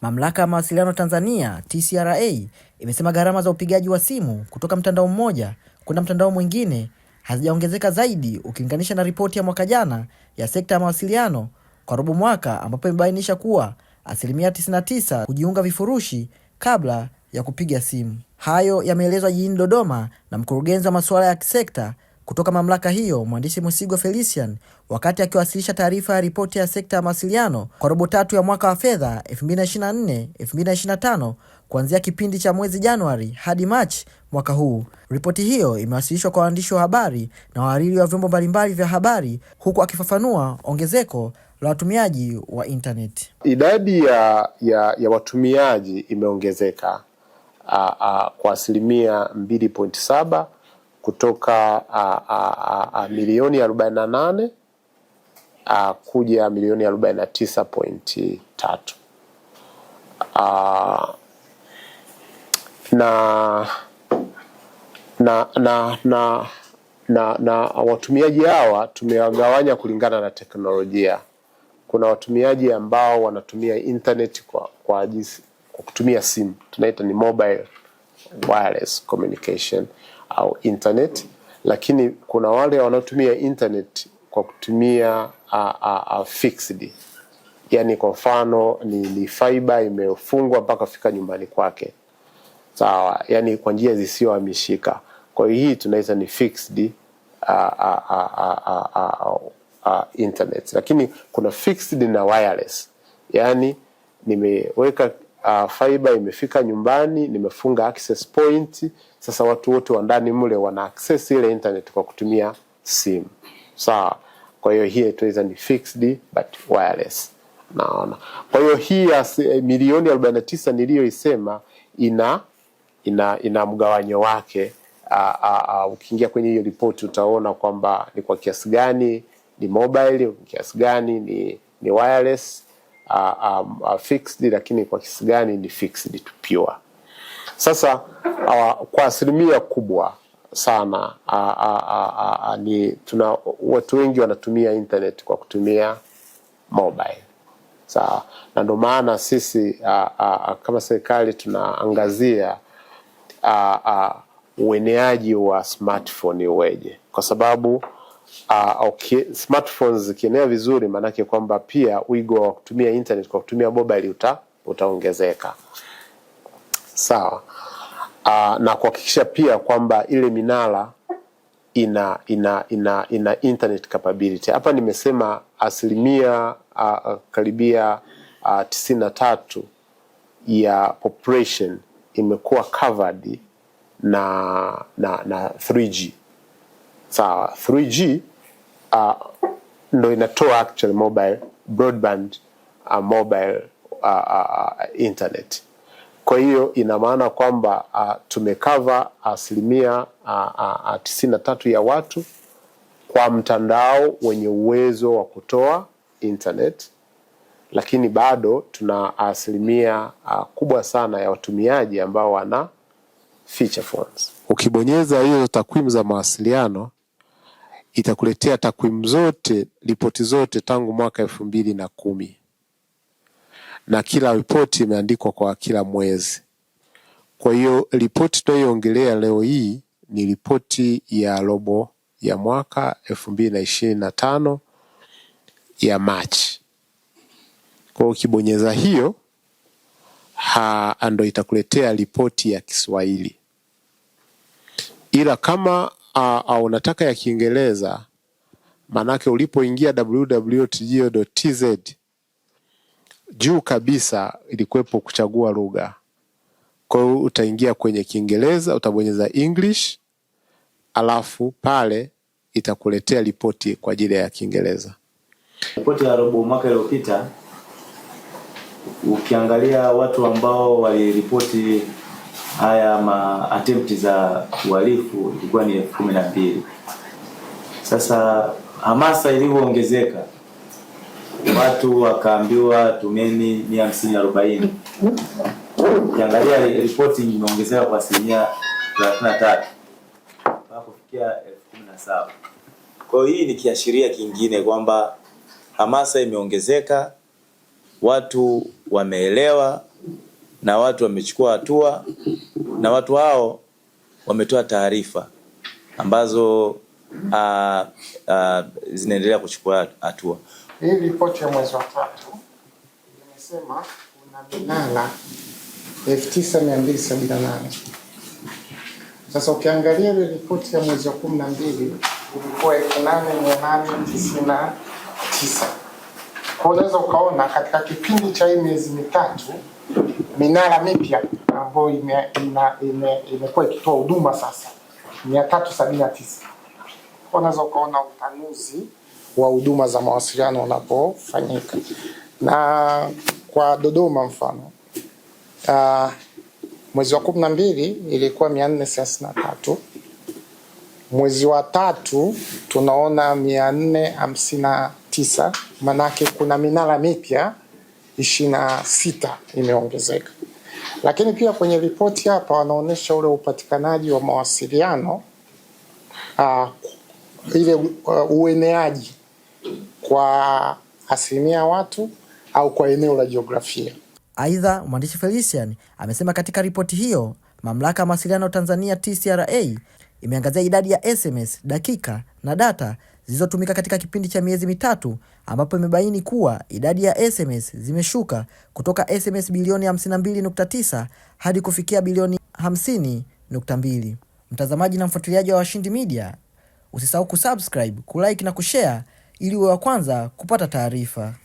Mamlaka ya Mawasiliano Tanzania TCRA imesema gharama za upigaji wa simu kutoka mtandao mmoja kwenda mtandao mwingine hazijaongezeka zaidi ukilinganisha na ripoti ya mwaka jana ya sekta ya mawasiliano kwa robo mwaka ambapo imebainisha kuwa asilimia 99 hujiunga vifurushi kabla ya kupiga simu. Hayo yameelezwa jijini Dodoma na mkurugenzi wa masuala ya kisekta kutoka mamlaka hiyo, mhandisi Msigwa Felician wakati akiwasilisha taarifa ya ripoti ya sekta ya mawasiliano kwa robo tatu ya mwaka wa fedha 2024 2025 kuanzia kipindi cha mwezi Januari hadi Machi mwaka huu. Ripoti hiyo imewasilishwa kwa waandishi wa habari na wahariri wa vyombo mbalimbali vya habari, huku akifafanua ongezeko la watumiaji wa intaneti. Idadi ya, ya, ya watumiaji imeongezeka a, a, kwa asilimia 2.7 kutoka a, a, a, milioni 48 a, kuja milioni 49.3 na na na na na, na watumiaji hawa tumewagawanya kulingana na teknolojia. Kuna watumiaji ambao wanatumia internet kwa kwa kwa kutumia simu, tunaita ni mobile wireless communication au internet, lakini kuna wale wanaotumia internet kwa kutumia a, a, a fixed, yani, kwa mfano ni, ni fiber imefungwa mpaka fika nyumbani kwake, sawa, yani kwa njia zisizohamishika. Kwa hiyo hii tunaita ni fixed a, a, a, a, a, a, internet, lakini kuna fixed na wireless, yani nimeweka uh, fiber imefika nyumbani, nimefunga access point sasa watu wote wa ndani mle wana access ile internet kwa kutumia simu, sawa. Kwa hiyo hii tuweza ni fixed but wireless, naona. Kwa hiyo hii ya eh, milioni 49 niliyoisema ina ina ina mgawanyo wake. Ukiingia kwenye hiyo ripoti utaona kwamba ni kwa kiasi gani ni mobile, kiasi gani ni ni wireless, a, a, a fixed, lakini kwa kiasi gani ni fixed to pure. Sasa uh, kwa asilimia kubwa sana uh, uh, uh, uh, ni tuna watu wengi wanatumia internet kwa kutumia mobile sawa, na ndio maana sisi uh, uh, uh, kama serikali tunaangazia uh, uh, ueneaji wa smartphone uweje, kwa sababu uh, okay, smartphones zikienea vizuri, maanake kwamba pia wigo wa kutumia internet kwa kutumia mobile uta utaongezeka sawa. Uh, na kuhakikisha pia kwamba ile minara ina ina ina ina internet capability. Hapa nimesema asilimia uh, karibia uh, tisini na tatu ya population imekuwa covered na na na 3G sawa. 3G uh, ndo inatoa actual mobile broadband uh, mobile uh, uh, internet kwa hiyo ina maana kwamba uh, tumekava asilimia tisini na tatu ya watu kwa mtandao wenye uwezo wa kutoa internet, lakini bado tuna asilimia uh, kubwa sana ya watumiaji ambao wana feature phones. Ukibonyeza hiyo takwimu za mawasiliano itakuletea takwimu zote, ripoti zote tangu mwaka elfu mbili na kumi na kila ripoti imeandikwa kwa kila mwezi. Kwa hiyo ripoti tunayoongelea leo hii ni ripoti ya robo ya mwaka elfu mbili na ishirini na tano ya Machi. Kwa hiyo ukibonyeza hiyo ndo itakuletea ripoti ya Kiswahili, ila kama uh, unataka ya Kiingereza, maanake ulipoingia www.tgo.tz juu kabisa ilikuwepo kuchagua lugha. Kwa hiyo utaingia kwenye Kiingereza, utabonyeza English, alafu pale itakuletea ripoti kwa ajili ya Kiingereza. Ripoti ya robo mwaka iliyopita, ukiangalia watu ambao waliripoti haya ma attempt za uhalifu ilikuwa ni elfu kumi na mbili. Sasa hamasa ilivyoongezeka watu wakaambiwa tumeni mia hamsini arobaini. Ukiangalia ripoti imeongezeka kwa asilimia thelathini na tatu mpaka kufikia elfu kumi na saba. Kwa hiyo hii ni kiashiria kingine kwamba hamasa imeongezeka, watu wameelewa na watu wamechukua hatua, na watu hao wametoa taarifa ambazo uh, uh, zinaendelea kuchukua hatua. Hii ripoti ya mwezi wa tatu imesema kuna minara 9278. Sasa ukiangalia ile ripoti ya mwezi wa 12 ilikuwa tisa Kwa unaweza ukaona katika kipindi cha hii miezi mitatu minara mipya ambayo imekuwa ikitoa huduma sasa 379. Unaweza ukaona utanuzi wa huduma za mawasiliano unapofanyika. Na kwa Dodoma mfano uh, mwezi wa kumi na mbili ilikuwa mia nne thelathini na tatu mwezi wa tatu tunaona mia nne hamsini na tisa manake kuna minara mipya ishirini na sita imeongezeka. Lakini pia kwenye ripoti hapa wanaonyesha ule upatikanaji wa mawasiliano uh, ile uh, ueneaji kwa asilimia watu au kwa eneo la jiografia. Aidha, mwandishi Felician amesema katika ripoti hiyo mamlaka ya mawasiliano Tanzania TCRA imeangazia idadi ya SMS, dakika na data zilizotumika katika kipindi cha miezi mitatu ambapo imebaini kuwa idadi ya SMS zimeshuka kutoka SMS bilioni 52.9 hadi kufikia bilioni 50.2. Mtazamaji na mfuatiliaji wa Washindi Media, usisahau kusubscribe, kulike na kushare ili wa kwanza kupata taarifa.